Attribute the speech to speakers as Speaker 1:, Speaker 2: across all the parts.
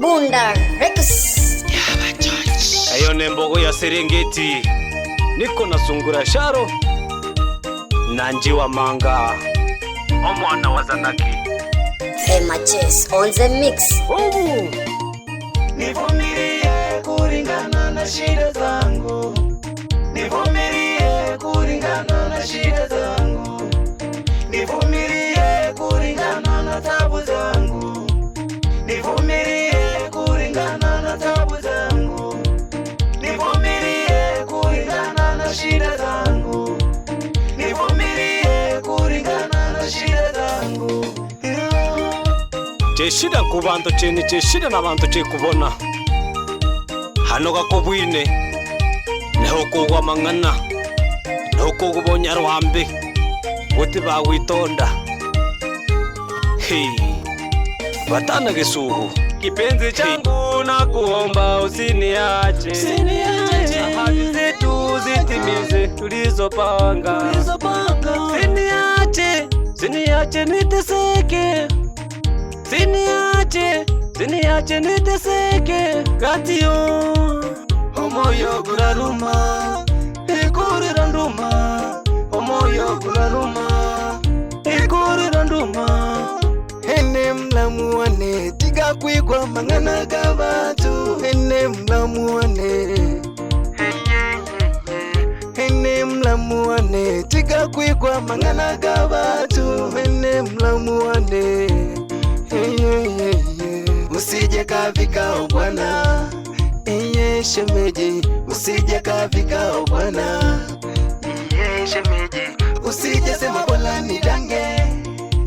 Speaker 1: Bunda Rex.
Speaker 2: Ayo nembo ya Serengeti niko na Sungura sharo nanji wa manga omwana wa Zanaki
Speaker 1: Fema Chess on the mix.
Speaker 2: Ubu
Speaker 3: Nivumirie kuringana na shida zangu, Nivumirie kuringana na shida zangu.
Speaker 2: cheshida kubantu chene cheshida nabantu chekubona hano gakobwine niho kugwa mang'ana niho kugwa obunyarwambe guti bagwitonda hey. batana gisugu
Speaker 4: kipenzi changu na kuomba usiniache ahadi zetu zitimize tulizopanga, siniache siniache niteseke ziniyache ziniyache niteseke katiyo
Speaker 3: omoyo kuraruma ikurira nduma omoyo kuraruma ikurira nduma
Speaker 4: ene mlamu wane tiga kwikwa mangana ga vatu ene mlamu wane ene mlamu wane tiga kwikwa mangana ga vatu ene mlamu wane ene
Speaker 3: usije o oh bwana, iye shemeji, usije o oh bwana, iye shemeji, usije sema bola ni dange,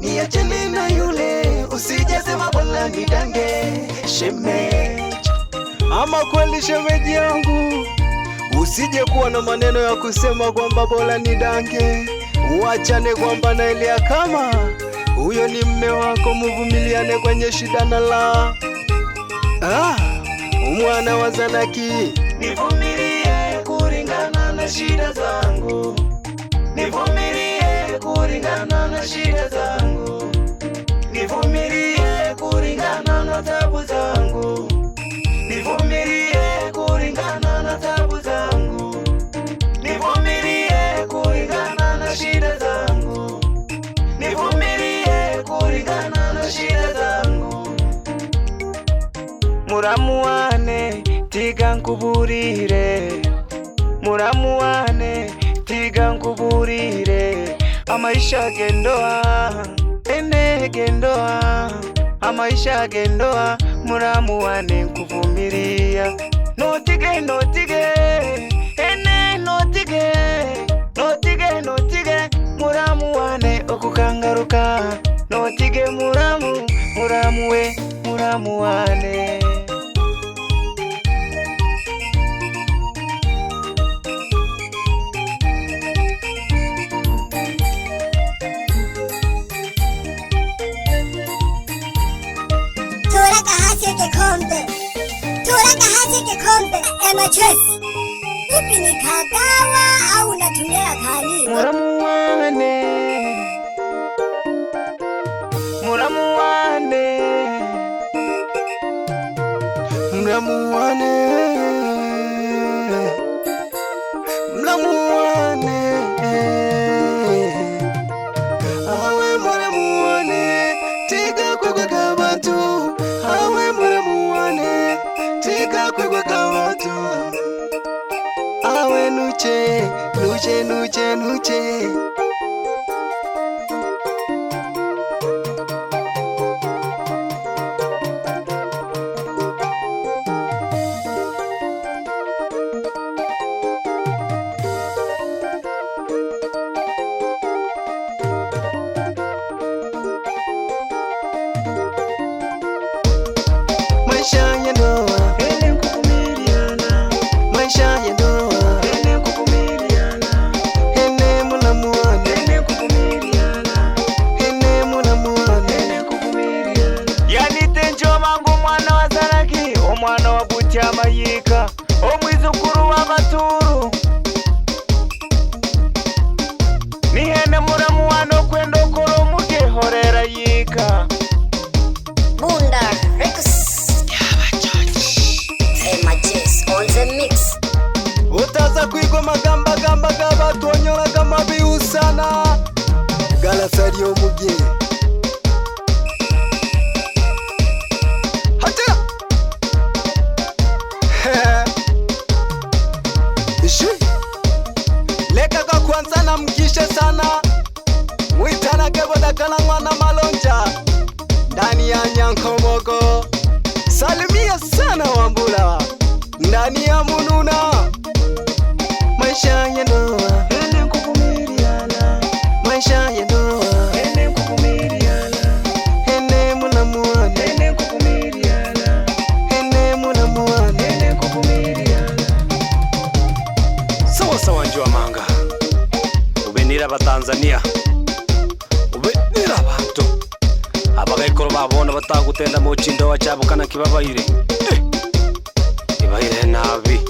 Speaker 3: niachane na yule, usije sema bola ni dange, shemeji.
Speaker 4: Ama kweli shemeji yangu, usije kuwa na maneno ya kusema kwamba bola ni dange, uachane kwamba ile kama huyo ni mme wako, muvumiliane kwenye shida na la Ah, umwana wa Zanaki,
Speaker 3: nivumilie kulingana na shida zangu, nivumilie kulingana na shida zangu, nivumilie kulingana na tabu zangu
Speaker 4: muramuwane tiga nkuburire muramuwane tiga nkuburire amaisha gendoa ene gendoa amaisha gendoa muramuwane nkuvumiriya notige notige ene notige notige notige muramuwane okukangaruka notige muramu muramuwe muramuwane
Speaker 1: kombe, toraga hasi kikombe Chase. ipi ni kagawa au unatumia
Speaker 4: wane. muramu wane muramu wane muramu wane mwana wa butyama yika omwizukuru wa vaturu nihene muramu wano kwenda okora omugehorera yika
Speaker 1: bunda rex
Speaker 5: yeah,
Speaker 1: hey,
Speaker 2: utaza kwigwa magambo tanzania ube n'abantu abagaikoro babona batagutenda muchindo wachabukana kibabaire eh, ibaire nabi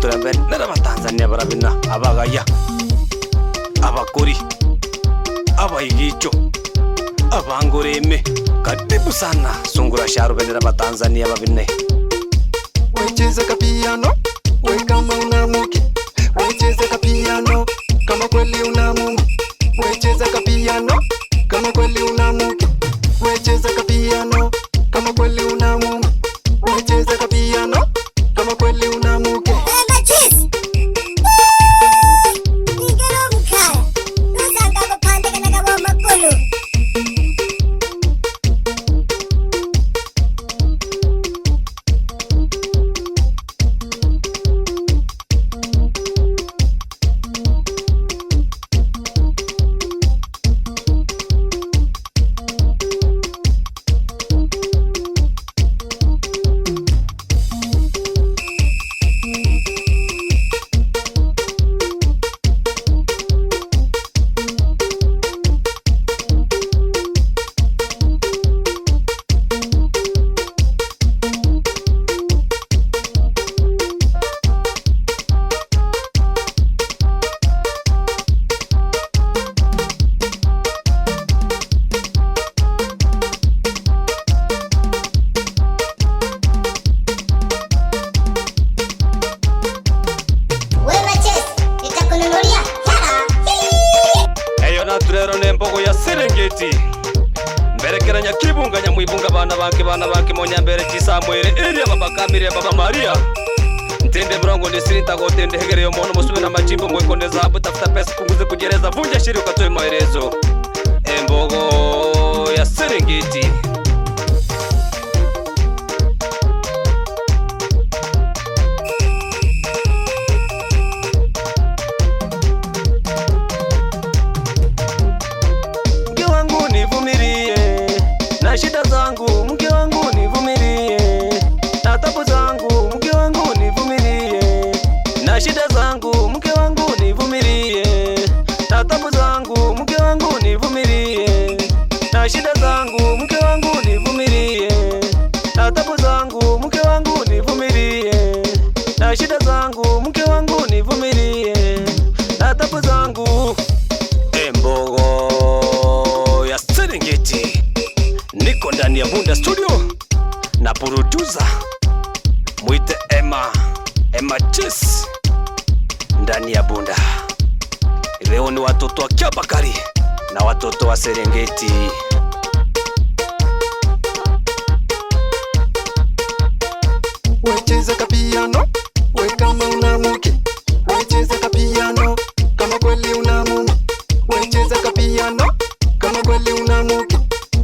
Speaker 2: turembere n'arabatanzaniya barabina abagaya abagori abayigico abangoreme karibu sana sungura sharubenera batanzaniya babine
Speaker 6: wecheza kapiano we kama una wecheza kapiano kama kweli una wecheza kapiano kama kweli una wecheza kapiano kama kweli una
Speaker 2: chini ntagote ndehegere yo muntu musume na majimbo ngo ikonde zahabu tafuta pesa kunguze kugereza vunja shiri ukatoe maherezo embogo ya serengeti niko ndani ya Bunda Studio na producer mwite Emma Emma Chis ndani ya Bunda. Leo ni watoto wa Kiabakari na watoto wa Serengeti.
Speaker 6: Wecheza kapiano we kama una muke, wecheza kapiano kama kweli una mume, wecheza kapiano kama kweli una muke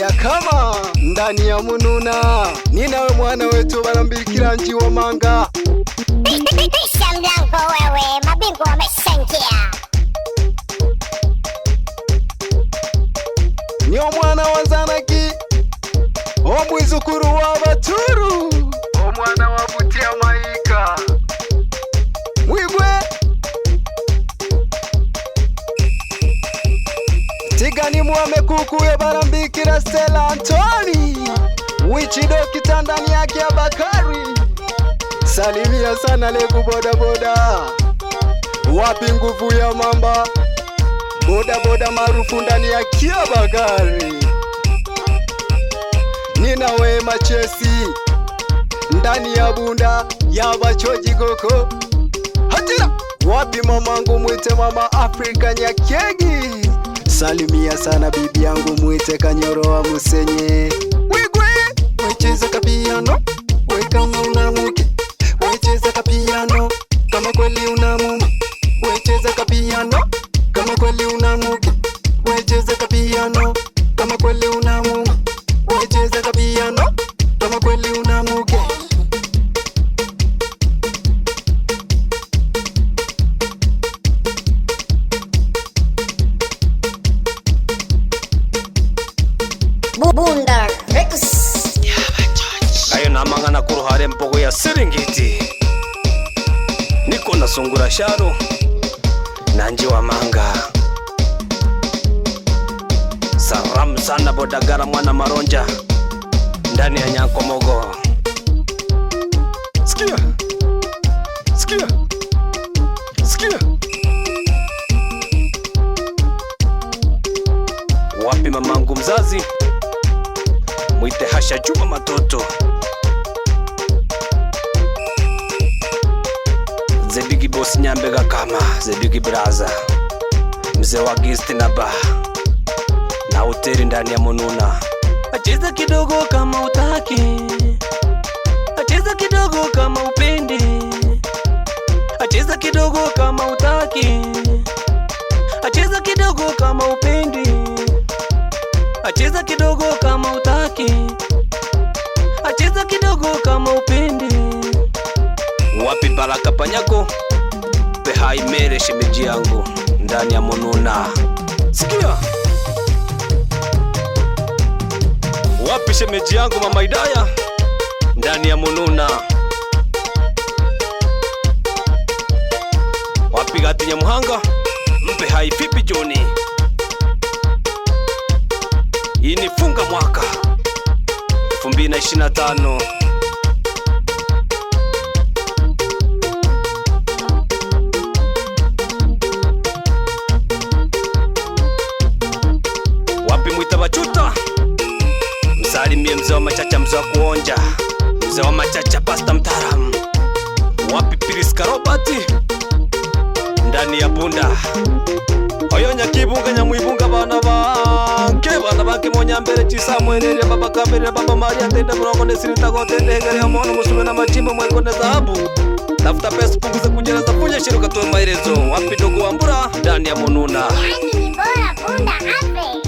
Speaker 4: ya kama ndani ya mununa ni nawe mwana wetu barambikira nji wa manga
Speaker 1: bisha mlango wewe mabingu wameshaingia
Speaker 4: niyo mwana wa zanaki omwizukuru wa baturu omwana Stella Antoni do kitandani yake ya Bakari. Salimia sana leku boda, wapi nguvu ya mamba bodaboda maarufu ndani ya Kia Bakari. Nina we machesi ndani ya bunda ya bachoji koko hatila, wapi mamangu mwite mama Afrika Nyakegi Salimia sana bibi yangu mwite Kanyoro wa Musenye wigwe
Speaker 6: wecheza kapiano wekama una muke wecheza kapiano kama kweli una mume wecheza kapiano kama kweli una muke wecheza kapiano kama kweli una mume wecheza kapiano
Speaker 2: Serengeti, niko na Sungura Sharo na Njiwa Manga. Salamu sana Bodagara mwana Maronja ndani ya Nyankomogo. Sikia, sikia, sikia, wapi mamangu mzazi, mwite Hasha Juma matoto The Big Boss Nyambega kama The Big Brother, mzee wa Gist na ba na uteri ndani ya Mununa.
Speaker 7: Acheza kidogo kama utaki, acheza kidogo kama upendi, acheza kidogo kama utaki, acheza kidogo kama upendi, acheza kidogo kama utaki, acheza kidogo kama upendi
Speaker 2: wapi Baraka Panyako pehaimere shemeji yangu ndani ya Mununa. Sikia wapi shemeji yangu mama Idaya ndani ya Mununa, wapi gati Nyamuhanga mpe hai vipi Joni inifunga mwaka 2025 habari, mie mzee wa machacha, mzee wa kuonja, mzee wa machacha, pasta mtaram, Wapi Priska Robert? Ndani ya bunda oyonya kibunga nyamwibunga bana bange bana bange monyambere chisamwenerera baba kamerera baba maria tende murongo ya mono musume na machimbo mwengo na dhahabu tafuta pesa punguza kujereza punja shiruka tuwe maelezo wapi ndugu wa mbura ndani ya mununa
Speaker 1: yani ni bora bunda ape